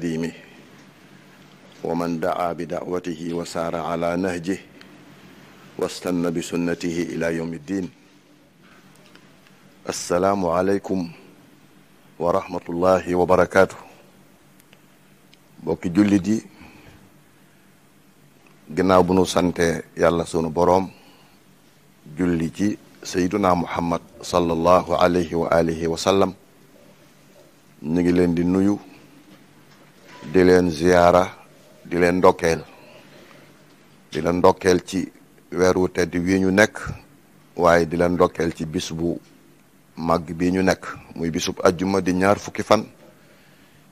تقديمه ومن دعا بدعوته وسار على نهجه واستنى بسنته الى يوم الدين السلام عليكم ورحمه الله وبركاته بوكي جولدي غناو بنو سانت يالا سونو بوروم جولدي سيدنا محمد صلى الله عليه واله وسلم نيغي لين دي نويو di ziarah, dilan di len dokel di weru dokel ci wéru tedd wi ñu nek waye di len dokel ci bis bu màgg bi ñu muy bisub aljuma di ñaar fukki fan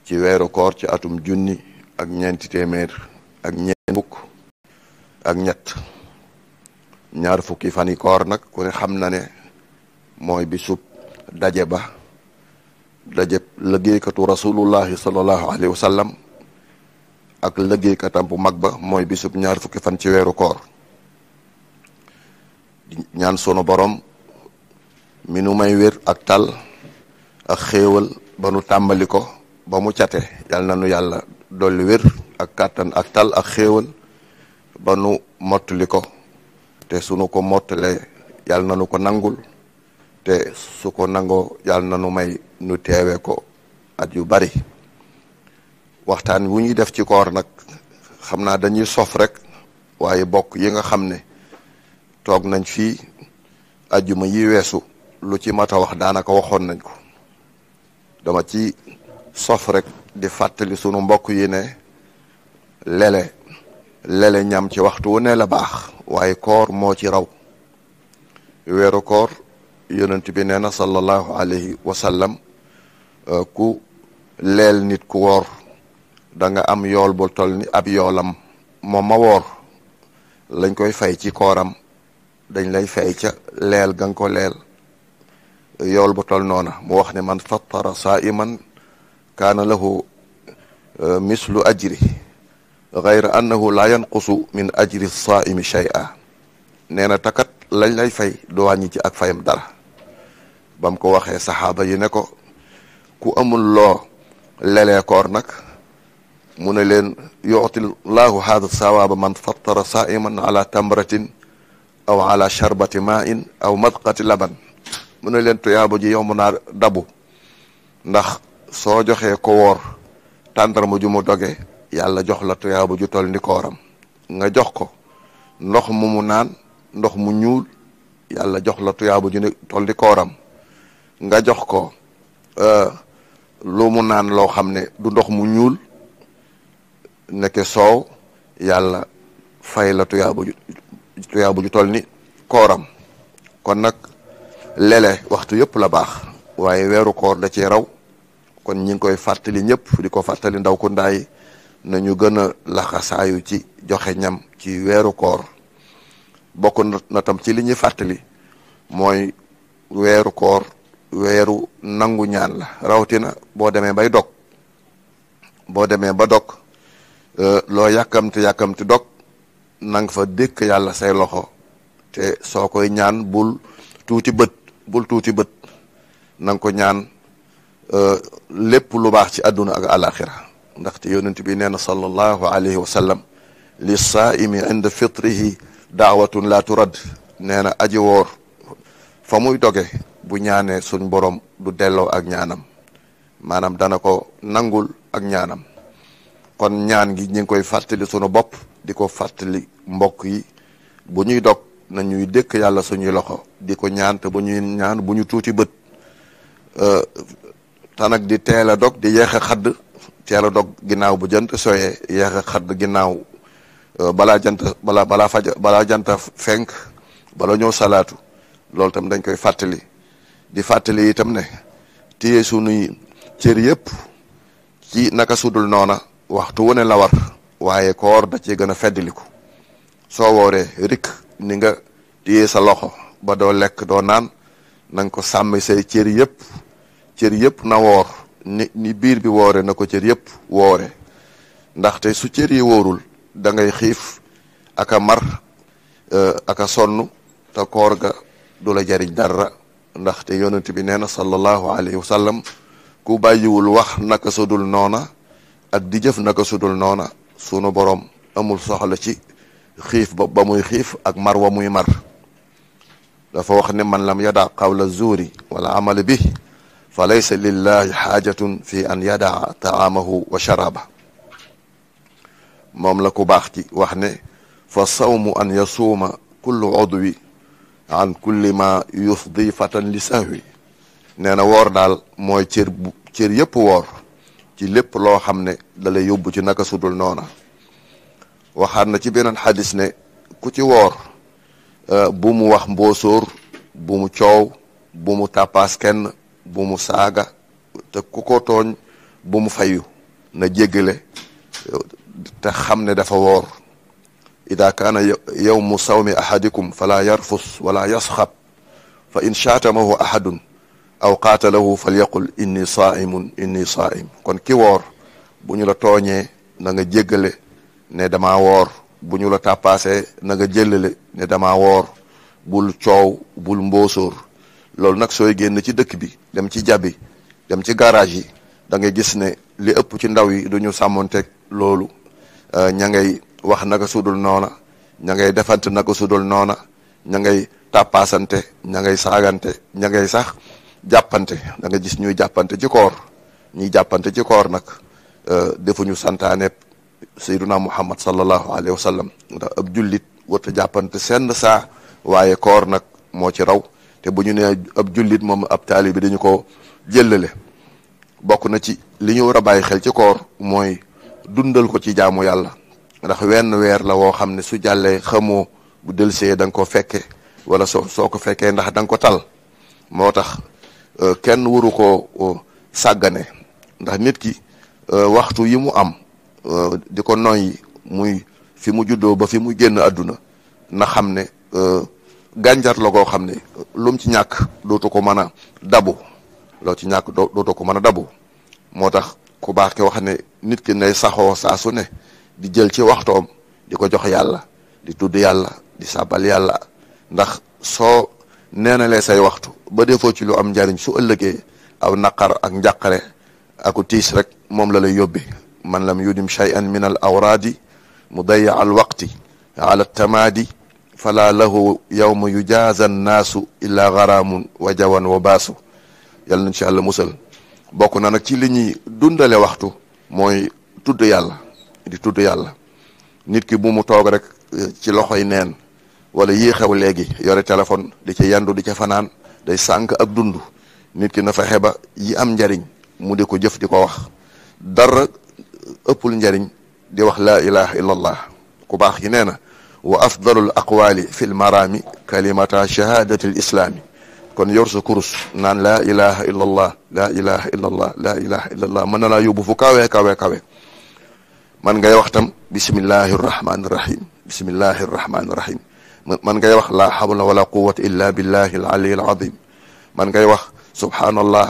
ci wéru koor ci atum junni ak ñent témèr ak ñeent buk ak ñett ñaar fukki fani koor nak ku ne xam na ne moy bisub daje ba liggéey katu rasulullah sallallahu alaihi wasallam ak liggéeykatam bu mag ba mooy bisub ñaar fukki fan ci weeru koor ñaan sunu borom mi nu may wér ak tal ak xéewal ba nu tàmbali ko ba mu cate yal na nu yàlla dolli wér ak kàttan ak tal ak xéewal ba nu mottali ko te sunu ko mottalee yal na nu ko nangul te su ko nangoo yal na nu may nu teewee ko at yu bari waxtaan wu ñuy def ci koor nag xam naa dañuy sof rek waaye bokk yi nga xam ne toog nañ fi ajjuma yi weesu lu ci mat a wax daanaka waxoon nañ ko dama ci sof rek di fàttali sunu mbokk yi ne lele lele ñam ci waxtu wu ne la baax waaye koor moo ci raw weeru koor yonent bi nee na sallallahu alayhi wa euh, ku leel nit ku woor da nga am yool tol ni ab yoolam moom ma woor lañ koy fay ci koram dañ lay fay ca leel ga nga ko leel yool bu toll noona mu wax ne man fattara saa'iman kaana lahu euh, mislu ajri gayra annahu la yanqusu min ajri saaimi shay'a nee na takat lañ lay fay du wàññi ci ak fayam dara bam ko waxee saxaaba yi ne ko ku amul loo lelee koor nag mu ne leen yuti llahu hada sawaaba man fattara saiman ala tamratin aw ala sharbati main aw matkati laban mu ne leen tuyaaba ji yomb naa dabu ndax soo joxee ko woor tàndarma ju mu doge yàlla jox la tuyaaba ju tol ni kooram nga jox ko ndox mu ndox mu ñuul yàlla jox la tuyaaba ju ni tol ni kooram nga jox ko euh, lu mu naan loo xam ne du ndox mu ñuul nekke soow yàlla fay la tuyaaba ju tuyaaba ju toll ni kooram kon nag lele waxtu yëpp la baax waaye weeru koor da ci raw kon ñi ngi koy fàttali ñëpp di ko fàttali ndaw ku ndaay nañu gën a laxasaayu ci joxe ñam ci weeru koor bokk na ci li ñuy fàttali mooy weeru koor weeru nangu ñaan la rawatina boo demee bay dog boo demee ba dog Euh, loo yàkkamti yàkkamti dog nang fa dékk yàlla say loxo te soo koy ñaan bul tuuti bët bul tuuti bët na ko ñaan euh, lépp lu baax ci àdduna ak alaxira ndaxte yonent bi nee na sallallahu alayhi wa sallam li saaimi inda fitrihi daawatun la turad nee na aji woor fa muy doge bu ñaanee suñ borom du delloo ak ñaanam maanaam dana ko nangul ak ñaanam kon ñaan gi ñu ngi koy fàttali sunu bopp di ko fàttali mbokk yi bu ñuy dog na ñuy dëkk yàlla suñuy loxo di ko ñaan te bu ñuy ñaan bu ñu tuuti bët euh, te nag di teel a dog di yeex xadd teel a dog ginnaaw bu jant sooyee yeex xadd ginnaaw euh, balaa jant balaa balaa janta fenk bala ñëw salaatu loolu tam dañ koy fàttali di fàttali itam ne téye sunuy cër yëpp ci naka sudul noona waxtu wu ne la war waaye koor da cee gën a feddliku soo wooree rik ni nga téye sa loxo ba doo lekk doo naan na ko sàmmi say cër yëpp cër yëpp na woor ni ni biir bi woore na ko cër yëpp woore ndaxte su cër yi wóorul da ngay xiif ak a mar euh, aka a sonn te koor ga du jariñ dara ndaxte yonent bi nee na sallallahu alayhi wa ku bàyyiwul wax naka sudul noona ak di jëf naka sudul noona sunu borom amul soxla ci xiif ba ba muy xiif ak mar wa muy mar dafa wax ne man lam yada qawla zuuri wala amala bih fa laysa lillahi xaajatun fi an yadaa taamahu wa sharaaba moom la ku baax ci wax ne fa sawmu an yasuuma kullu udwi an kulli ma yufdi fatan li sahwi nee na woor daal mooy cër cër yépp woor ci lépp loo xam ne da yóbbu ci naka sudul noona waxaan na ci beneen xadis ne ku ci woor euh, bu mu wax mboosóor bumu coow bu mu tàppaas kenn bu mu saaga te ku ko tooñ bu mu fayu na jéggale te xam ne dafa woor ida kaana yawmu sawmi ahadikum fala yarfus wala yasxab fa in shaatamahu ahadun aw qaatalahu falyaqul inni saaimun inni saaim kon ki woor bu ñu la tooñee na nga jéggale ne dama woor bu ñu la tàppaasee na nga jëllale ne dama woor bul coow bul mboosóor loolu nag sooy génn ci dëkk bi dem ci jabi dem ci garage yi da ngay gis ne li ëpp ci ndaw yi du ñu sàmmonteeg loolu euh, ña ngay wax naka sudul noona ña ngay defante naka sudul noona ña ngay tàppaasante ña ngay saagante ña ngay sax jàppante da nga gis ñuy jàppante ci koor ñuy jàppante ci koor nag euh, defuñu santaane sayyiduna muhammad sallallahu alayhi wa sallam ndax ab jullit warta jàppante senn saa waaye koor nag moo ci raw te bu ñu nee ab jullit moom ab taali bi dañu ko jëllale bokk na ci li ñu war a bàyyi xel ci koor mooy dundal ko ci jaamu yàlla ndax wenn weer la woo xam ne su jàllee xamoo bu dëlsee da nga ko fekke wala soo soo ko fekkee ndax da ko tal moo tax Euh, kenn waru ko sàggane ndax nit ki euh, waxtu yi mu am euh, di ko noyyi muy fi mu juddoo ba fi mu génn àdduna na xam ne gànjar la koo xam ne lu ci ñàkk dootu ko mën a dabu loo ci ñàkk dootu ko mën a dabu moo tax ku baax ke wax ne nit ki nay saxoo saa ne di jël ci waxtoom di ko jox yàlla di tudd yàlla di sabal yàlla ndax soo neenalee say waxtu ba defoo ci lu am njariñ su ëllëgee aw naqar ak njàqare aku tiis rek moom la lay yóbbe man lam yudim shay'an min al awraadi mudaya al waqti ala tamaadi fala lahu yu yujaaza annaasu illa garaamun wa jawan wa baasu yàlla nañ ci yàlla musal bokk na nag ci li ñuy dundale waxtu mooy tudd yàlla di tudd yàlla nit ki bu mu toog rek eh, ci loxoy neen wala yii xew léegi yore téléphone di ci yandu di ca fanaan day sànq ak dund nit ki na fexe ba yi am njariñ mu di ko jëf di ko wax dara ëppul njariñ di wax la ilaha illallah ku baax gi nee na wa afdalul aqwali fi lmarami kalimata shahadati l kon yor sa kurus naan laa ilaha illallah laa mën na laa yóbbu fu kawe kawe kawe man ngay waxtam bismillahi rahmani rahim bismillahi rahmani rahim من جاي وخ لا حول ولا قوة إلا بالله العلي العظيم من جاي وخ سبحان الله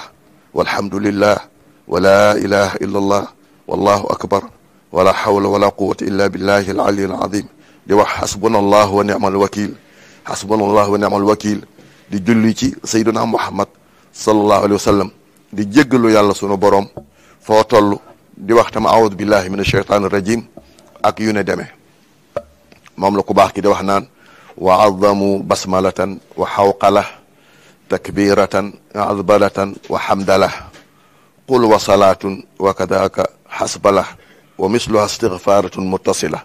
والحمد لله ولا إله إلا الله والله أكبر ولا حول ولا قوة إلا بالله العلي العظيم دي وخ حسبنا الله ونعم الوكيل حسبنا الله ونعم الوكيل دي جولي سي سيدنا محمد صلى الله عليه وسلم دي جيغلو يالا سونو بوروم فو تولو دي وخ تام اعوذ بالله من الشيطان الرجيم اك يوني ديمي موم لا كو باخ كي دي وخ نان wa azzamu basmalatan wa xawqala takbiratan azbalatan wa xamdala qul wa salaatun wa kadaka xasbala wa misluha istigfaaratun muttasila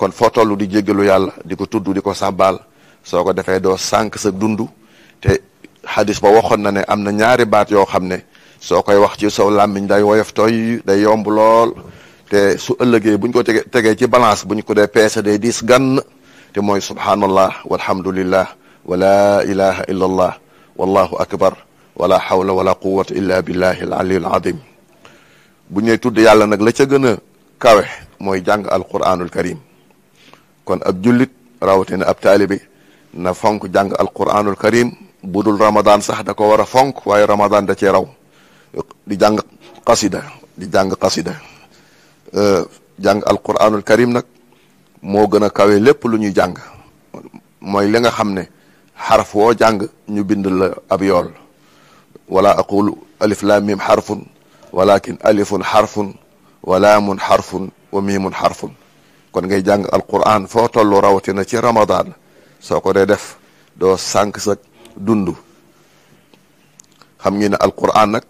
kon foo toll di jéggalu yàlla di ko tudd di ko saxbaal soo ko defee doo sànq sa dund te xadis ba waxoon na ne am na ñaari baat yoo xam ne soo koy wax ci saw làmmiñ day woyof toy day yomb lool te su ëllëgee buñ ko tege tegee ci balance buñ ko dee peese day diis gann te mooy subhanallah walhamdulillah wala ilaha illa allah wallahu akbar wala hawla wala quwwata illa billahi al aliyul azim bu ñuy tudd yàlla nag la ca gën a kawe mooy jàng alquranul karim kon ab jullit rawatina ab taalibi na fonk jàng alquranul karim bu dul ramadan sax da ko war a fonk waaye ramadan da cee raw di jàng qasida di jàng qasida jàng alquranul karim nag moo gën a kawe lépp lu ñuy jàng mooy li nga xam ne xaraf woo jàng ñu bind la ab yool wala aqulu alif laam mim xarfun walakin alifun xarfun wa xarfun wa miimun xarfun kon ngay jàng alquran foo tollu rawatina ci ramadan soo ko dee def doo sànq sak dund xam ngeen ne alquran nag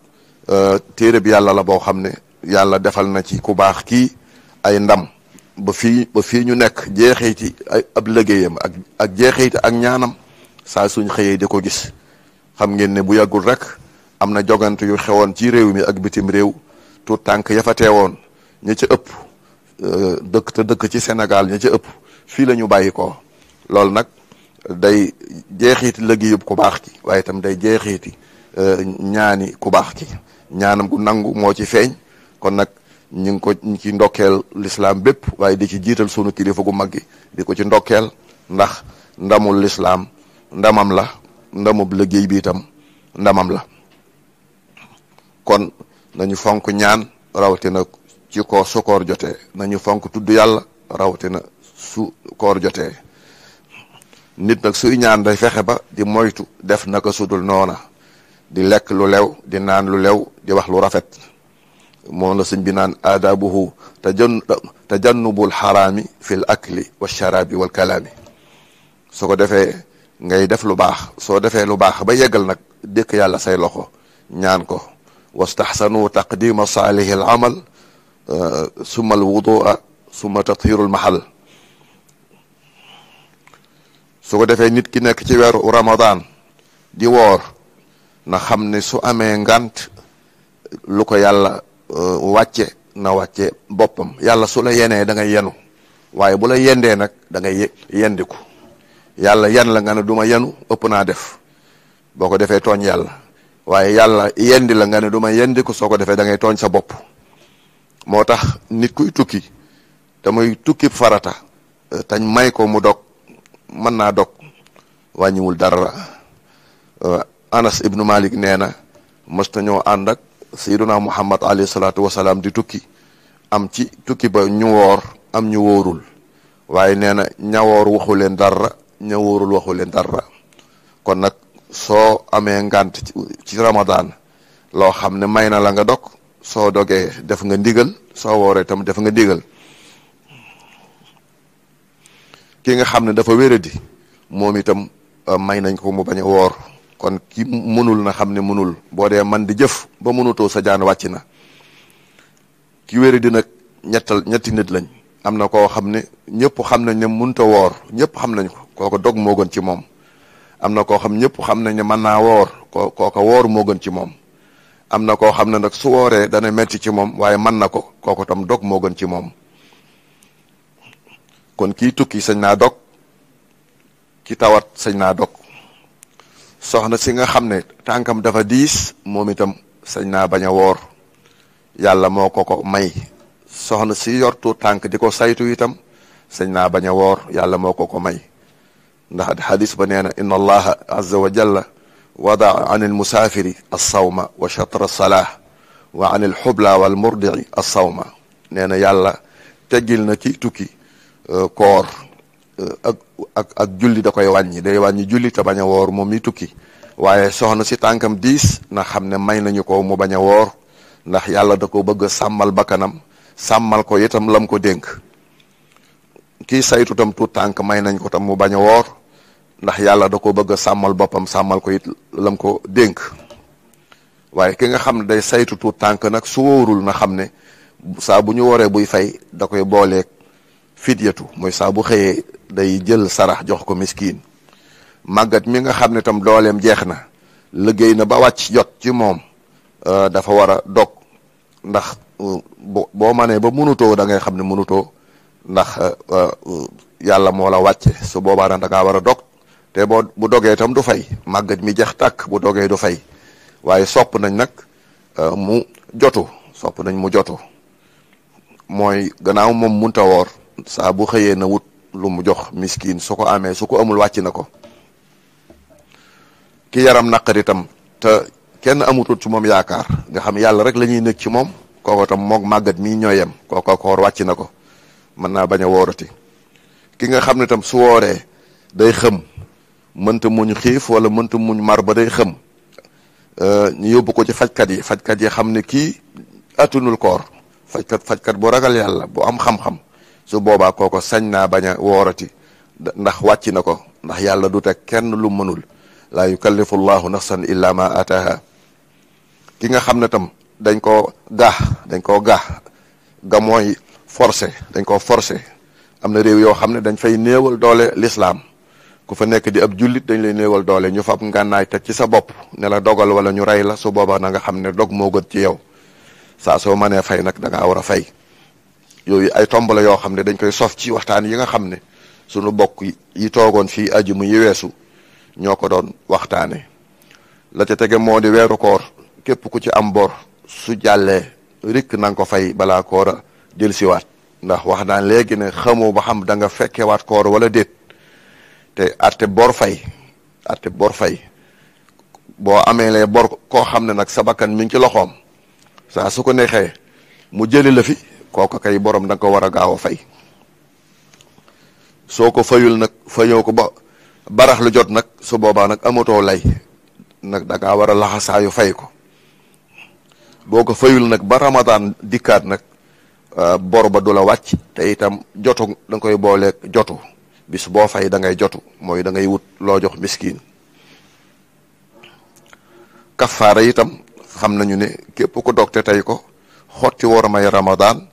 euh, téere bi yàlla la boo xam ne yàlla defal na ci ku baax kii ay ndam ba fii ba fii ñu nekk jeexeeti ab liggéeyam ak ak jeexeeti ak ñaanam saa suñ xëyee di ko gis xam ngeen ne bu yàggul rek am na jogante yu xewoon ci réew mi ak bitim réew tout tànk ya fa teewoon ña ca ëpp euh, dëkk te dëkk ci senegal ña ca ëpp fii la ñu bàyyi ko loolu nag day jeexeeti liggéeyub ku baax ki waaye itam day jeexeeti euh, ñaani ku baax ki ñaanam gu nangu moo ci feeñ kon nag ñu ngi ko ci ndokkeel lislaam bépp waaye di ci jiital sunu kilifa gu mag gi di ko ci ndokkeel ndax ndamul lislaam ndamam la la liggéey bi itam ndamam la kon nañu fonk ñaan rawatina ci ko su koor jotee nañu fonk tudd yàlla rawatina su koor jotee nit nag suy ñaan day fexe ba di moytu def naka sudul noona di lekk lu lew di naan lu lew di wax lu rafet moom la sëñ bi naan aadabuhu tajan tajannubul xaraami fil akli wa sharaabi wal kalaami soo ko defee ngay def lu baax soo defee lu baax ba yeggal nag dëkk yàlla say loxo ñaan ko wastaxsanu taqdima saalihi al amal euh, summa al wudua summa tathirul mahal su ko defee nit ki nekk ci weeru ramadan di woor na xam ne su amee ngant lu ko yàlla Euh, wàcce na wàcce boppam yàlla su la yenee da ngay yenu waaye bu la yendee nag dangay ngay yendiku yàlla yen la nga ne duma ma ëpp naa def boo ko defee tooñ yàlla waaye yàlla yendi la nga ne du ma yendiku soo ko defee dangay ngay tooñ sa bopp moo tax nit kuy tukki te tukki farata euh, tañ may ko mu dog mën naa dog wàññiwul dara euh, Anas ibnu Malik nee na mës na ànd ak sayyiduna muhammad alayhi salatu wasalam di tukki am ci tukki ba ñu wor am ñu worul waye neena ñawor waxul len dara ñaworul waxul len dara kon nak so amé ngant ci ramadan lo xamne mayna la nga dok so doge def nga ndigal so woré tam def nga ndigal ki nga xamne dafa wéré di momitam euh, may nañ ko mu baña wor kon ki mënul na xam ne mënul boo dee man di jëf ba mënutoo sa jaan wàcc na ki wéri di nag ñetti nit lañ am na ko xam ne ñëpp xam nañ ne mënut woor ñëpp xam nañ ko kooko dog moo gën ci moom am na koo xam ñëpp xam nañ ne mën naa woor ko gën ci moom am na koo xam ne nag su wooree dana metti ci moom waaye mën na ko kooko tam dog moo gën ci moom kon kii tukki sañ naa dog ki tawat sañ naa dog soxna si nga xam ne tànkam dafa diis moom itam sañ naa bañ a woor yàlla moo ko ko may soxna si yortu tànk di ko saytu itam sañ naa bañ a woor yàlla moo ko ko may ndax xadis ba nee na inna allaha azza wa jalla wadaa an almusaafiri alsawma wa chatra alsalaa wa an alxubla wal murdii alsawma nee na yàlla teggil na ci tukki euh, koor euh, ak ak julli da koy wàññi day wàññi julli te bañ a woor moom mi tukki waaye soxna si tànkam diis na xam ne may nañu ko mu bañ a woor ndax yàlla da ko bëgg sàmmal bakkanam sàmmal ko itam lam ko dénk kii saytu tam tuut tànk may nañ ko tam mu bañ a woor ndax yàlla da ko bëgg sàmmal boppam sàmmal ko it lam ko dénk waaye ki nga xam ne day saytu tuut tànk nag su wóorul na xam ne saa bu ñu wooree buy fay da koy booleeg fidyatu mooy saa bu xëyee day jël sarax jox ko miskiin màggat mi nga xam ne tam dooleem jeex na liggéey na ba wàcc jot ci moom euh, dafa war a dog ndax euh, boo manee ba mënutoo da ngay xam ne mënutoo ndax euh, yàlla moo la wàcce su boobaa nag da ngaa war a dog te boo bu dogee tam du fay màggat mi jeex tàkk bu dogee du fay waaye sopp nañ nag mu jotu sopp nañ mu jotu mooy gannaaw moom munta woor sa bu xeye na wut lu mu jox miskin soko amé soko amul wacc nako ki yaram tam te kenn amutul ci mom yaakar nga xam yalla rek lañuy nekk ci mom koko tam mok magat mi ñoyam koko ko koor wacc nako man na baña worati ki nga xamne tam su woré day xam mënta muñ xif wala mënta muñ mar ba day euh ñu ko ci kat yi kat yi xamne ki atunul koor fajj kat bu ragal yalla bu am xam-xam su boobaa kooko sañ naa bañ a woorati ndax wàcc na ko ndax yàlla du teg kenn lu mënul laa yukallifu llahu nafsan illa ma ataaha ki nga xam ne tam dañ koo gaax dañ koo ga mooy forcé dañ koo forcé am na réew yoo xam ne dañ fay néewal doole lislaam ku fa nekk di ab jullit dañ lay néewal doole ñu fab ngànnaay teg ci sa bopp ne la dogal wala ñu rey la su boobaa na nga xam ne dog moo gën ci yow saa soo manee fay nag danga ngaa war a fay yooyu ay tomb la yoo xam ne dañ koy sof ci waxtaan yi nga xam ne sunu bokk yi toogoon fii mu yi weesu ñoo ko doon waxtaane la ca tege moo di weeru koor képp ku ci am bor su jàllee rikk na nga ko fay balaa koor a dellusiwaat ndax wax naan léegi ne xamoo ba xam da nga fekkewaat koor wala déet te atte bor fay atte bor fay boo amee lee bor koo xam ne nag sa bakkan mi ci loxoom saa su ko neexee mu jëli la fi kooku kay boroom da nga ko war a gaaw a fay soo ko fayul nag fayoo ko ba barax lu jot nag su boobaa nag amatoo lay nag danga ngaa war a laxasaayu fay ko boo ko fayul nag ba ramadan dikkaat nag ah, bor ba du la wàcc te itam jotu da koy booleeg jotu bis boo fay da ngay jotu mooy da ngay wut loo jox miskin kafaara itam xam nañu ne képp ko dogte tey ko xotti war may ramadan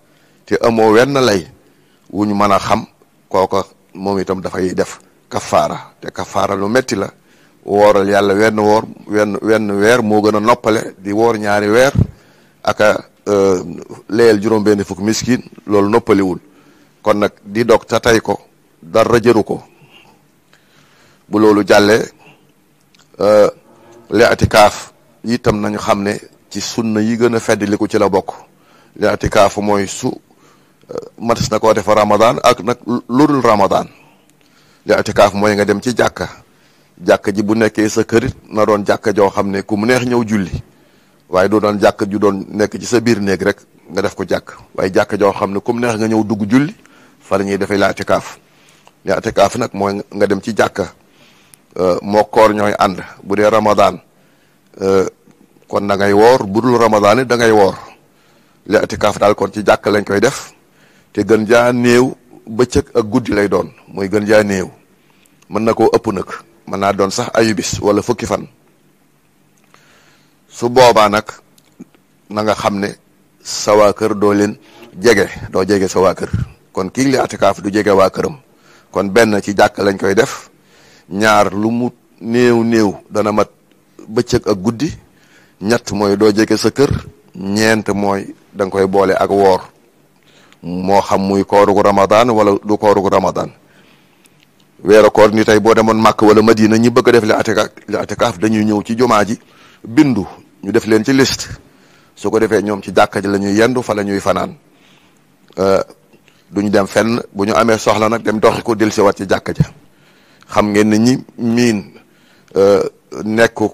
te amoo wenn lay wu ñu mën a xam kooka moom itam dafay def kafaara te kafaara lu metti la wooral yàlla wenn woor wenn weer moo gën a noppale di woor ñaari weer aka euh, leel juróom benn fukk miskin loolu noppaliwul kon nag di dog ta tey ko dara jëru ko bu loolu jàllee euh, li'tikaaf itam nañ xam ne ci sunna yi gën a feddliku ci la bokk li'tikaaf mooy su matis na koo def ramadan ak nag lurul ramadan li kaaf mooy nga dem ci jàkka jàkka ji bu nekkee sa kërit na doon jàkka joo xam ne ku mu neex ñëw julli waaye doo doon jàkka ju doon nekk ci sa biir néeg rek nga def ko jàkk waaye jàkka xam ne ku neex nga ñëw dugg julli fa la ñuy defee li itikaaf li kaaf nag mooy nga dem ci jàkka euh, moo koor ñooy ànd bu dee ramadan euh, kon da ngay woor budul ramadan it da ngay woor li kaaf dal kon ci jàkk lañ koy def te gën jaa néew bëccëg ak guddi lay doon mooy gën jaa néew mën na ko ëpp nag mën naa doon sax ayubis wala fukki fan su boobaa nag na nga xam ne sa kër doo leen jege doo jege sa waa kër kon kii at atikaaf du jege waa këram kon benn ci jàkk lañ koy def ñaar lu mu néew néew dana mat bëccëg ak guddi ñett mooy doo jege sa kër ñeent mooy da koy boole ak woor moo xam muy koorug ramadan wala du koorug ramadan weeru koor ni tey boo demoon màkk wala madina ñi bëgg a def li atikaaf li atikaaf dañuy ñëw ci jumaa ji bindu ñu def leen ci liste su ko defee ñoom ci jàkka ji lañuy yendu fa la ñuy fanaan euh, duñ dem fenn bu ñu amee soxla nag dem doxi ko dellusiwaat ci jàkka ja xam ngeen ne ñi miin euh, nekku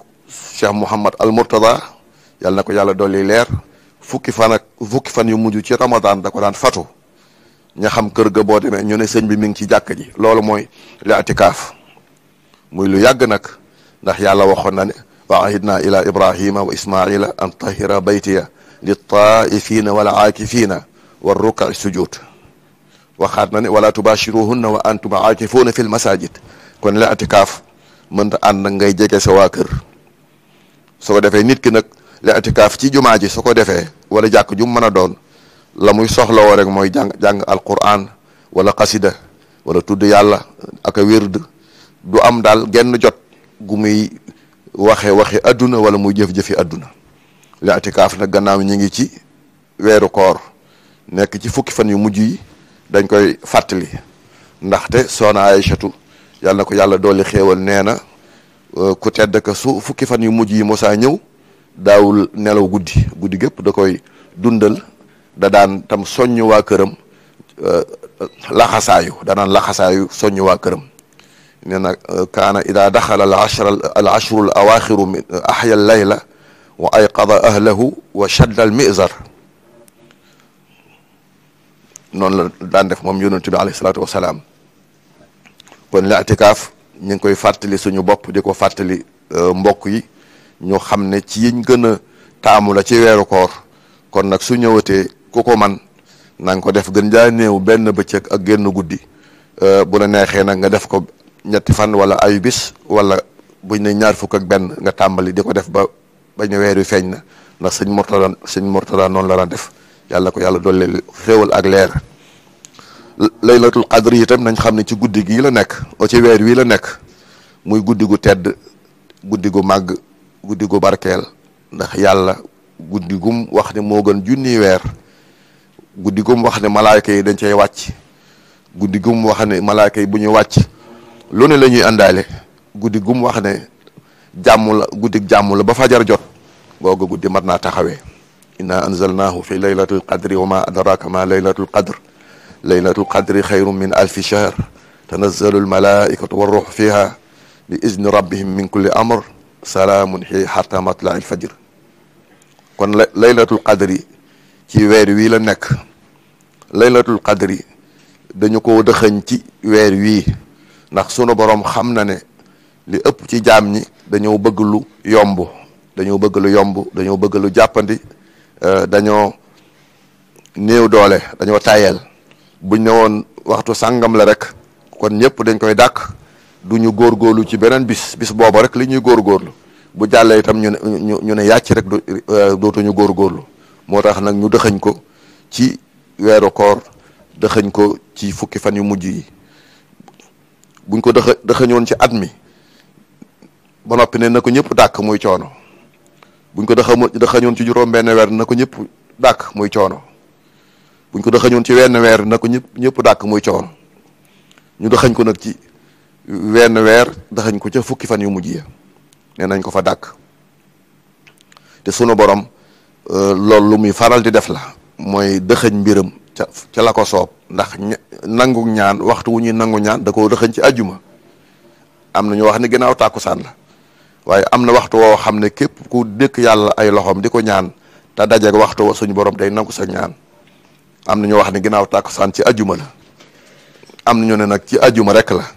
Cheikh Mouhamad al Mourtada yàlla na ko yàlla dolli leer fukki fan ak fukki fan yu mujj ci ramadaan da ko daan fatu ña xam kër ga boo demee ñu ne sëñ bi mi ngi ci jàkk ji loolu mooy li atikaaf muy lu yàgg nag ndax yàlla waxoon na ne wa ahidna ila ibrahima wa ismaila an tahira baytiya li taifina wal aakifina wa rukai sujud waxaat na ne wala tubashiruhunna wa antum aakifuuna fi l masajid kon li atikaaf mënta ànd ngay jege sa waa kër soo defee nit ki nag li itikaaf ci jumaa ji su ko defee wala jàkk ju mën a doon la muy soxlawoo rek mooy jàng jàng alquran wala xasida wala tudd yàlla ak a wérd du am daal genn jot gu muy waxe waxe adduna wala muy jëf-jëfi adduna li na nag gannaaw ñi ngi ci weeru koor nekk ci fukki fan yu mujj yi dañ koy fàttali ndaxte soxna Aysatu yàlla na ko yàlla dooli xéewal nee na ku tedd ka su fukki fan yu mujj yi mosaa ñëw daawul nelaw guddi guddi gep da koy dundal da daan tam soñu wa kërëm la laxasaayu da daan laxasaayu soññ waa këram nee na kana ida dakhala al ashr al ashr al awaaxiru min ahya al layla wa ayqadha ahlahu wa shadda al mizar non la daan def mom yunus bi alayhi salaatu wasalaam kon la itikaaf ñu koy fatali suñu bop diko fatali fàttali mbokk yi ñu xam ne ci yiñ gën a taamu la ci weeru koor kon nag su ñëwatee ku ko man na nga ko def gën jaa néew benn bëccëg ak genn guddi euh, bu la neexee nag nga def ko ñetti fan wala ayu bis wala buñ ne ñaar fukk ak benn nga tàmbali di ko def ba ba ñu weer feeñ na ndax sëñ Mourtada sëñ Mourtada noonu la daan def yàlla ko yàlla doole xéewal ak leer laylatul qadr yi tam nañ xam ne ci guddi gii la nekk o ci weer wii la nekk muy guddi gu tedd guddi gu màgg guddi gu barkeel ndax yàlla guddi gum wax ne moo gën junni weer guddi gum wax ne malaayka yi dañ cay wàcc guddi gum wax ne malaayka yi bu ñu wàcc lu ne la ñuy àndaale guddi gum wax ne jàmm la guddi jàmm la ba fajar jot googu guddi mat naa taxawee inna anzalnahu fi laylatul qadri wa ma adraka ma laylatul qadr laylatul qadri xayrun min alfi shahr tanazzalu almalaikatu warruh fiha bi izni rabbihim min kulli amr salaamun xi xatta matla al fajr kon laylatul qadri ci weer wii la nekk laylatul kadri dañu ko dëxëñ ci weer wii ndax sunu borom xam na ne li ëpp ci jaam ñi dañoo bëgg lu yomb dañoo bëgg lu yomb dañoo bëgg jàppandi euh, dañoo néew doole dañoo tayel buñ ne woon waxtu sàngam la rek kon ñëpp dañ koy dàkk du ñu góorlu ci beneen bis bis booba rek li ñuy góorgóorlu bu jàllee itam ñu ne ñu ne yàcc rek euh, góor góorlu moo tax nag ñu dëxañ ko ci weeru koor dëxañ ko ci fukki fan yu mujj yi buñ ko dëxa dëxañoon ci at mi ba noppi ne na ko ñëpp dàkk muy coono buñ ko dëxamu dëxañoon ci juróom weer na ko ñëpp dàkk muy coono buñ ko dëxañoon ci wenn weer na ko ñëpp ñëpp dàkk muy coono ñu dëxañ ko nag ci ween weer daxañ ko ca fukki fan yu mujj ya nee nañ ko fa dàkk te sunu borom euh, loolu lu muy faral di def la mooy dëxëñ mbiram ca ca la ko soob ndax nangu ñaan waxtu wu ñuy nangu ñaan da koo dëxëñ ci ajuma am na wax ne gannaaw tàkkusaan la waaye am na waxtu woo xam ne képp ku dëkk yàlla ay loxoom di ko ñaan te dajeeg waxtu wa suñu borom day nangu sa ñaan am na ñu wax ne gannaaw saan ci àjjuma la am na ñu ne nag ci ajuma rek la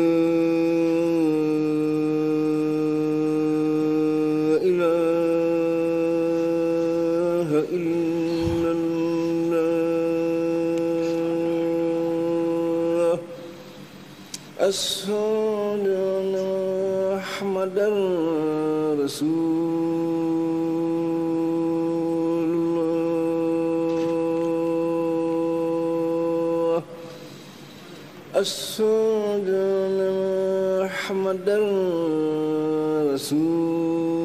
أشهد أن محمدا رسول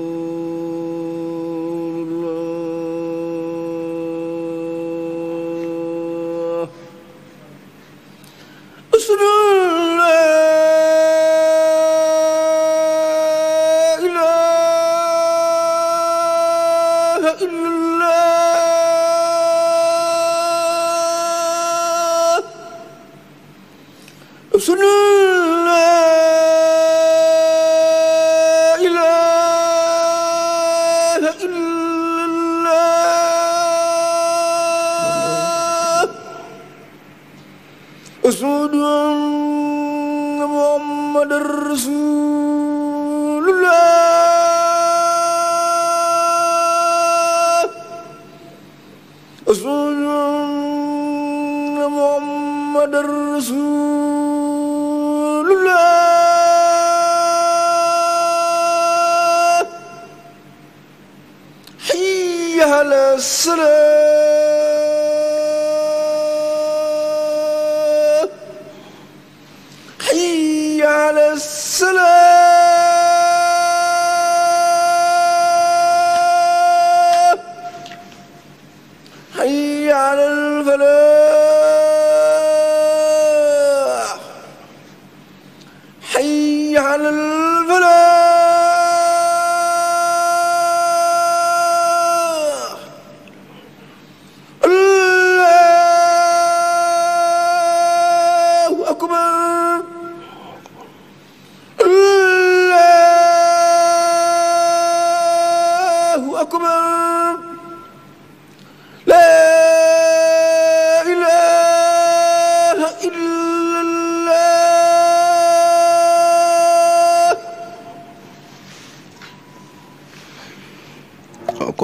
عليها السلام حي على السلام حي على الفلاح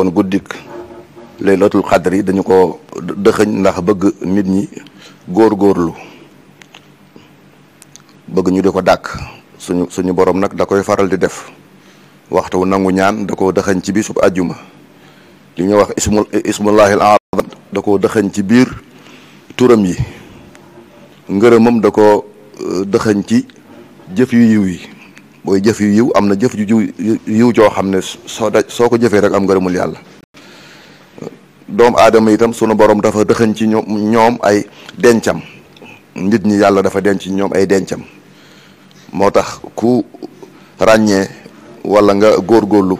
kon guddik laylatul xadr dañu ko dëxëñ ndax bëgg nit ñi góor góorlu bëgg ñu di ko dàkk suñu suñu boroom nag da koy faral di def waxtu wu nangu ñaan da ko dëxëñ ci bisub àjjuma li ñuy wax da koo dëxëñ ci biir turam yi ngërëmam da ko euh, dëxëñ ci jëf yu yiw yi mooy jëf yu yiw am na jëf ju yiw joo xam ne soo daj soo ko jëfee rek am nga ngërëmul yàlla doomu aadama itam sunu borom dafa dëxëñ ci ñoom ay dencam nit ñi yàlla dafa denc ñoom ay dencam moo tax ku ràññee wala nga góor góorlu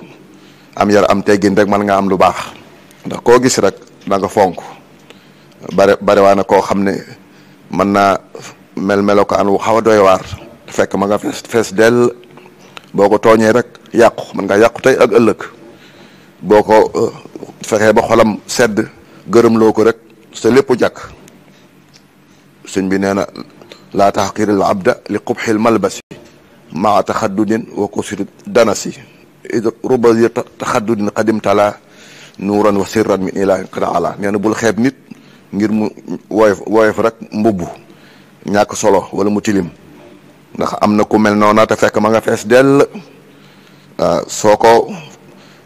am yar am teggin rek man nga am lu baax ndax koo gis rek da nga fonk bare barewaa na koo xam ne mën naa mel melokaan wu xaw a doy fekk ma nga fees fees dell boo ko tooñee rek yàqu man nga yàqu tey ak ëllëg boo ko euh, fexee ba xolam sedd gërëmloo ko rek sa lépp jàkk sëñ bi nee na laa taxqiril abda li qubxil malbasi maa taxaddudin wa kusiri danasi id rubadi taxaddudin xadim tala nuuran wa sirran min ilahin qad ala nee na bul xeeb nit ngir mu woyof woyof rek mbubb ñàkk solo wala mu tilim ndax am na ku mel nona te fekk ma nga fess del ah, soo ko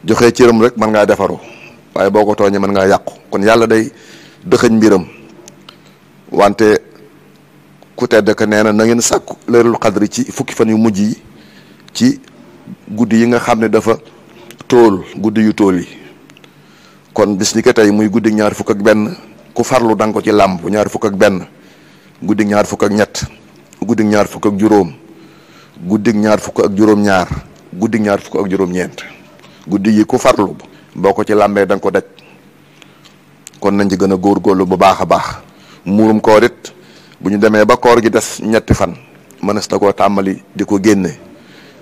joxee cëram rek man nga defaru waye boko togn man nga ngaa kon yalla day dexeñ mbiram wante ku tedd ke neena na ngeen sakku leerul qadr ci fukki fan yu mujjii ci guddi nga xamne dafa tool guddi yu tool yi kon bis ni ko tey muy guddi ñaar fukk ak ben ku farlu dang ko ci lamb ñaar fukk ak ben guddi ñaar fukk ak ñett guddi nyar fuk ak juróom nyar ñaar fuk ak juróom nyar guddi ñaar fuk ak juróom ñeent guddi yi ku farlu boko ci lambe dang ko daj kon nañ ci gëna gor gorlu bu baaxa baax murum ko rit buñu démé ba koor gi dess ñetti fan mënes ta ko tambali diko génné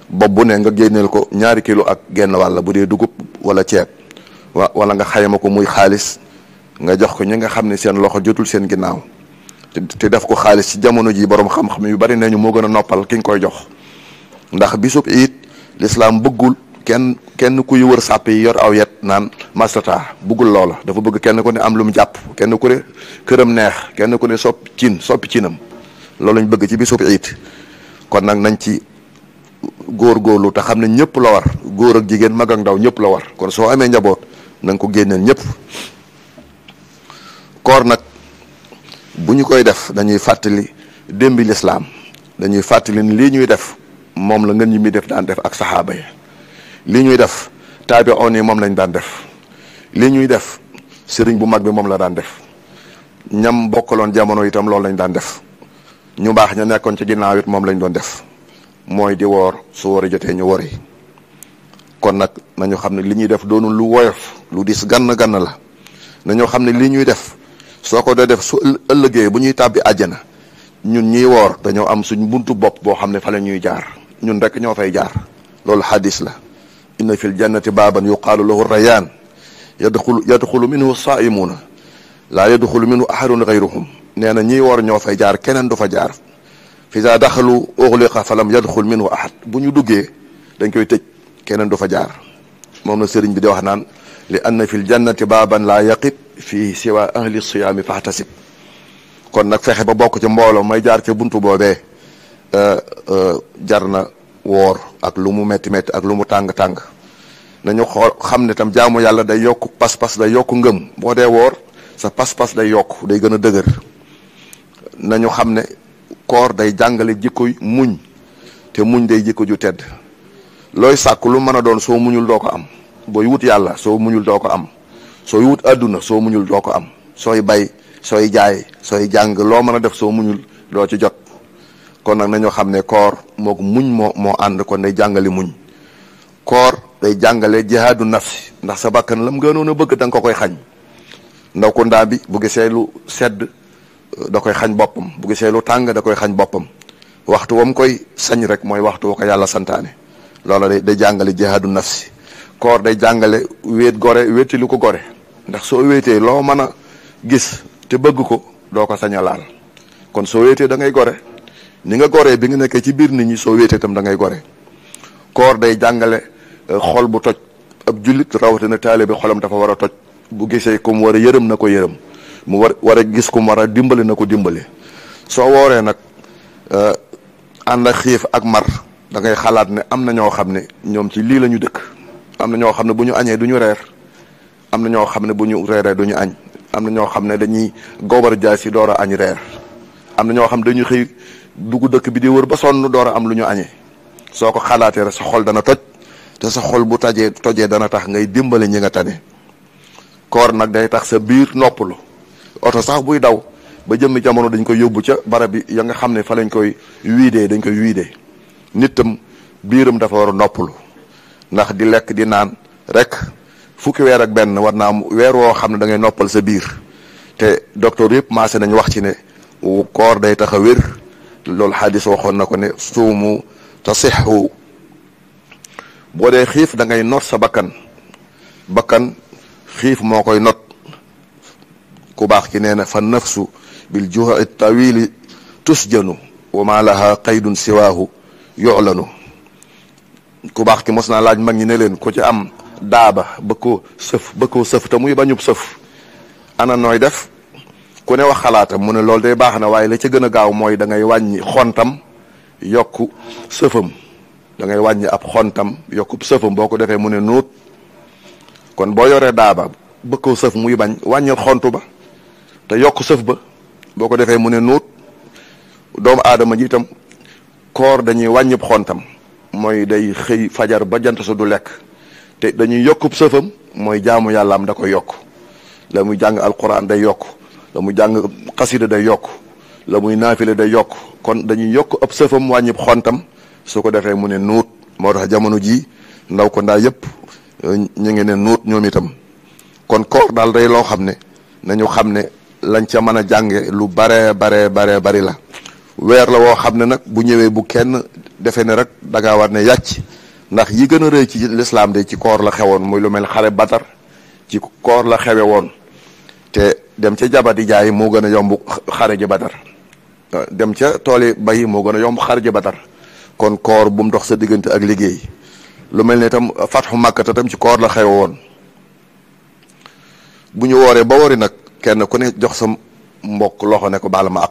bob bu ne nga génnel ko ñaari kilo ak genn wala bu dé dugub wala ceeb wala nga xayma ko muy xaalis nga jox ko ñi nga seen loxo jotul seen te def ko xaalis ci jamono ji borom xam-xam yu bari nañu mo gëna noppal ki koy jox ndax bisub eid l'islam bëggul kenn kenn kuy wër sappi yor aw yet nan mastata bëggul loola dafa bëgg kenn ku ne am lu mu japp kenn ku ne kërëm neex kenn ku ne sopp ciin soppi ciinam loolu ñu bëgg ci bisub eid kon nak nañ ci goor góorlu te xam ne ñëpp la war góor ak jigéen mag ak ndaw ñëpp la war kon soo amee njaboot na ko génneel ñëpp koor nag bu ñu koy def dañuy fàttali démbi lislaam dañuy fàttali ni lii ñuy def moom la ngeen ñi muy def daan def ak saxaaba yi lii ñuy def taabi'oon yi moom lañ daan def lii ñuy def sëriñ bu mag bi moom la daan def ñam bokkaloon jamono itam loolu lañ daan def ñu baax ñu nekkoon ci ginnaaw moom lañ doon def mooy di woor su wori jotee ñu wori kon nag nañu xam ne li ñuy def doonul lu woyof lu diis gann gann la nañoo xam ne lii ñuy def soko do def su ëllëgé bu ñuy tàbbi aljana ñun ñi wor dañoo am suñ buntu bop bo xamne fa la ñuy jaar ñun rek ño fay jaar lool hadith la inna fil jannati baban yuqalu lahu rayyan yadkhulu yadkhulu minhu as-sa'imun la yadkhulu minhu ahadun ghayruhum neena ñi wor ño fay jaar kenen du fa jaar fi za daxalu uxliqa falam yadkhul minhu ahad bu ñu duggé dañ koy tëj kenen du fa jaar mom na serigne bi di wax naan li anna fil jannati baban la yaqit fii siwa ahli siyaami fahtasib kon nag fexe ba bokk ci mbooloo may jaar ci buntu boobee eh, eh, jar na woor ak lu mu metti metti ak lu mu tàng-tàng nañu xool xam ne tam jaamu yàlla day yokk pas-pas day yokk ngëm boo dee woor sa pas-pas day yokk day gën a dëgër nañu xam ne koor day jàngale jikko muñ te muñ day jikko ju tedd looy sàkk lu mën a doon soo muñul doo ko am booy wut yàlla soo muñul doo ko am sooy wut àdduna soo muñul doo ko am sooy bay sooy jaay sooy jàng loo mën a def soo muñul doo ci jot kon nag nañoo xam ne koor mook muñ moo moo ànd kon day jàngale muñ koor day jàngale jihaadu nafsi ndax sa bakkan lam gënoon a bëgg da nga koy xañ ndaw bi bu gisee sedd euh, da koy xañ boppam bu gisee tàng da koy xañ boppam waxtu wam koy sañ rek mooy waxtu wa yàlla santaane loola day jàngale jihaadu si koor day jàngale wéet gore wéeti lu ko gore ndax soo wéetee loo mën a gis te bëgg ko doo ko sañ laal kon soo wéetee da ngay gore ni nga goree bi nga nekkee ci biir nit ñi soo wéetee itam da ngay gore koor day jàngale euh, xol bu toj ab jullit rawatina taale bi xolam dafa war a toj bu gisee ku war a yërëm na ko yërëm mu war war a gis ku mu war a dimbali na ko dimbali soo wooree nag euh, ànd ak xiif ak mar dangay xalaat ne am na ñoo xam ne ñoom ci lii la ñu dëkk am na ñoo xam ne bu ñu añee du ñu reer am ño xamne xam ne bu ñu reeree duñu añ amna ño xamne dañuy gobar jaay si door añ reer am ño ñoo xam dañuy xey duggu dëkk bi di wër ba sonu doora am luñu añé soko soo ko sa xol dana toj te sa xol bu tajé tojé dana tax ngay dimbalé ñi nga tane koor nak day tax sa biir noppulu oto sax buy daw ba jëmmi jamono dañ koy yobbu ca barab bi ya nga xamne fa lañ koy wiidé dañ koy wiidé nitam biiram dafa war noppulu ndax di lek di naan rek fukki weer ak benn war naa am weer woo xam ne dangay noppal sa biir te docteur yëpp maase nañ wax ci ne koor day tax a wér loolu xadis waxoon na ko ne suumu tasixu boo dee xiif da ngay not sa bakkan bakkan xiif moo koy not ku baax ki nee na fa nafsu bil ju'i tawili tusjanu wa ma laha qaydun siwaahu yu'lanu ku baax ki mos naa laaj mag ñi ne leen ku ci am daaba bëgg sëf bëgg sëf te muy bañub sëf ana nooy def ku ne wax xalaatam mu ne loolu day baax na waaye la ca gën a gaaw mooy da ngay wàññi xontam yokk sëfam dangay ngay wàññi ab xontam yokku sëfam boo ko defee mu ne nuut kon boo yoree daaba bëgg sëf muy bañ wàññil xontu ba te yokk sëf ba boo ko defee mu ne nuut doomu aadama ji itam koor dañuy wàññib xontam mooy day xëy fajar ba jant su du lekk te dañuy yokk sëfam mooy jaamu yàllaam da koy yokk la muy jàng alquran day yokk la muy jàng xasida day yokk la muy naafile day yokk kon dañuy yokk ab sëfam waa wàññi xontam su ko defee mu ne nuut moo tax jamono jii ndaw ko ndaa yëpp ñu ngi ne nuut ñoom itam kon koor daal day loo xam ne nañu xam ne lañ ca mën a jànge lu bare bare bare bari la weer la woo xam ne nag bu ñëwee bu kenn defee ne rek da ngaa war ne yàcc ndax yi gën a rëy ci lislaam de ci koor la xewoon muy lu mel xare batar ci koor la xewe woon te dem ca jabar jabati jaay moo gën a yomb xare ji batar euh, dem ca tooli bay moo gën a yomb xare ji kon koor bu mu dox sa diggante ak liggéey lu mel ne tam fatxu màkkata tam ci koor la xewe woon bu ñu wooree ba wori nag kenn ku ne jox sa mbokk loxo ne ko baal ma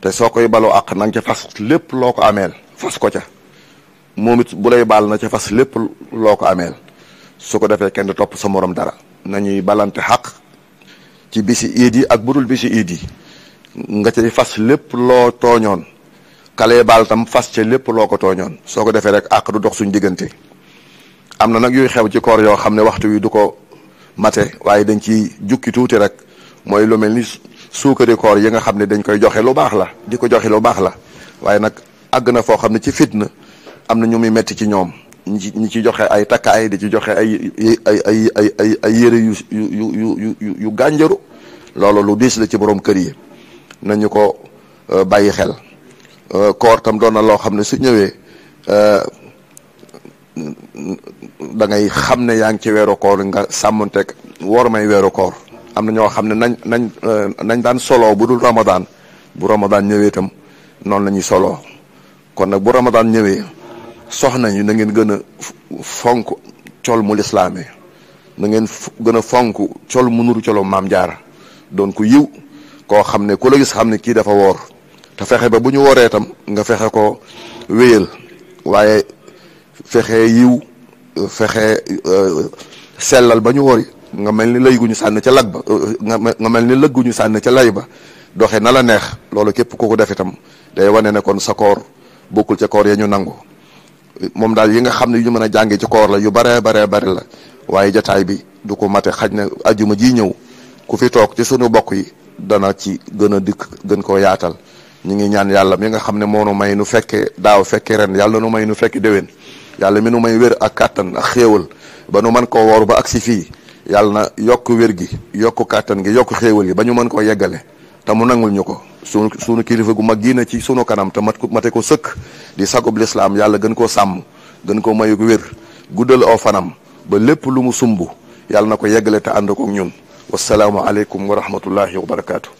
te soo koy baloo àq na ca fas lépp loo ko ameel fas ko ca moom it bu lay baal na ca fas lépp loo ko ameel su ko defee kenn topp sa moroom dara nañuy balante xaq ci bisi iid yi ak dul bisi iid yi nga cay fas lépp loo tooñoon kalee baal tam fas ca lépp loo ko tooñoon soo ko defee rek àq du dox suñ diggante am na nag yuy xew ci koor yoo xam ne waxtu wi du ko mate waaye dañ ci jukki tuuti rek mooy lu mel ni suukari koor yi nga xam ne dañ koy joxe lu baax la di ko joxe lu baax la waaye nag àgg na foo xam ne ci fitna am na ñu muy metti ci ñoom ñi ci ñi ci joxe ay takkaay di ci joxe ay ay ay ay ay ay yére yu yu yu yu gànjaru loolu lu diis la ci boroom kër yi nañu ko euh, bàyyi xel euh, koor tam doon na loo xam ne su ñëwee euh, da ngay xam ne yaa ngi ci weeru koor nga sàmmanteeg woor may weeru koor am na ñoo xam ne nañ nañ nañ daan solo bu dul Ramadan bu Ramadan ñëwee itam noonu la ñuy soloo kon nag bu Ramadan ñëwee. soxna yi na ngeen gën a fonk col mu lislaame na ngeen gën a fonk col mu nuru colo maam jaara doon ku yiw koo xam ne ku la gis xam ne kii dafa woor te fexe ba bu ñu wooree tam nga fexe ko wéyal waaye fexe yiw fexe euh, sellal ba ñu woori nga mel ni lay ñu sànn ca lag ba euh, euh, nga mel ni lëg sànn ca lay ba doxe na la neex loolu képp ku ko def itam day wane ne kon sa koor bokkul ca koor ya ñu nangu moom daal yi nga xam ne yu ñu mën a jàngee ci koor la yu baree bare bari la waaye jataay bi du ko mate xaj na ajuma ji ñëw ku fi toog ci sunu bokk yi dana ci gën a dikk gën koo yaatal ñu ngi ñaan yàlla mi nga xam ne moo nu may nu fekke daaw fekke ren yàlla nu may nu fekk déwén yàlla mi nu may wér ak kàttan ak xéewal ba nu mën koo woor ba agsi fii yàlla na yokk wër gi yokk kàttan gi yokk xéewal yi ba ñu mën koo yeggale te mu nangul ñu ko sunu sunu kilifa gu mag gii na ci sunu kanam te mat ko mate ko sëkk di sagub lislaam yàlla gën koo sàmm gën koo mayu wér guddal aw fanam ba lépp lu mu sumb yàlla na ko yeggale te ànd ko ñun wasalaamu aleykum wa rahmatullahi wa barakaatu.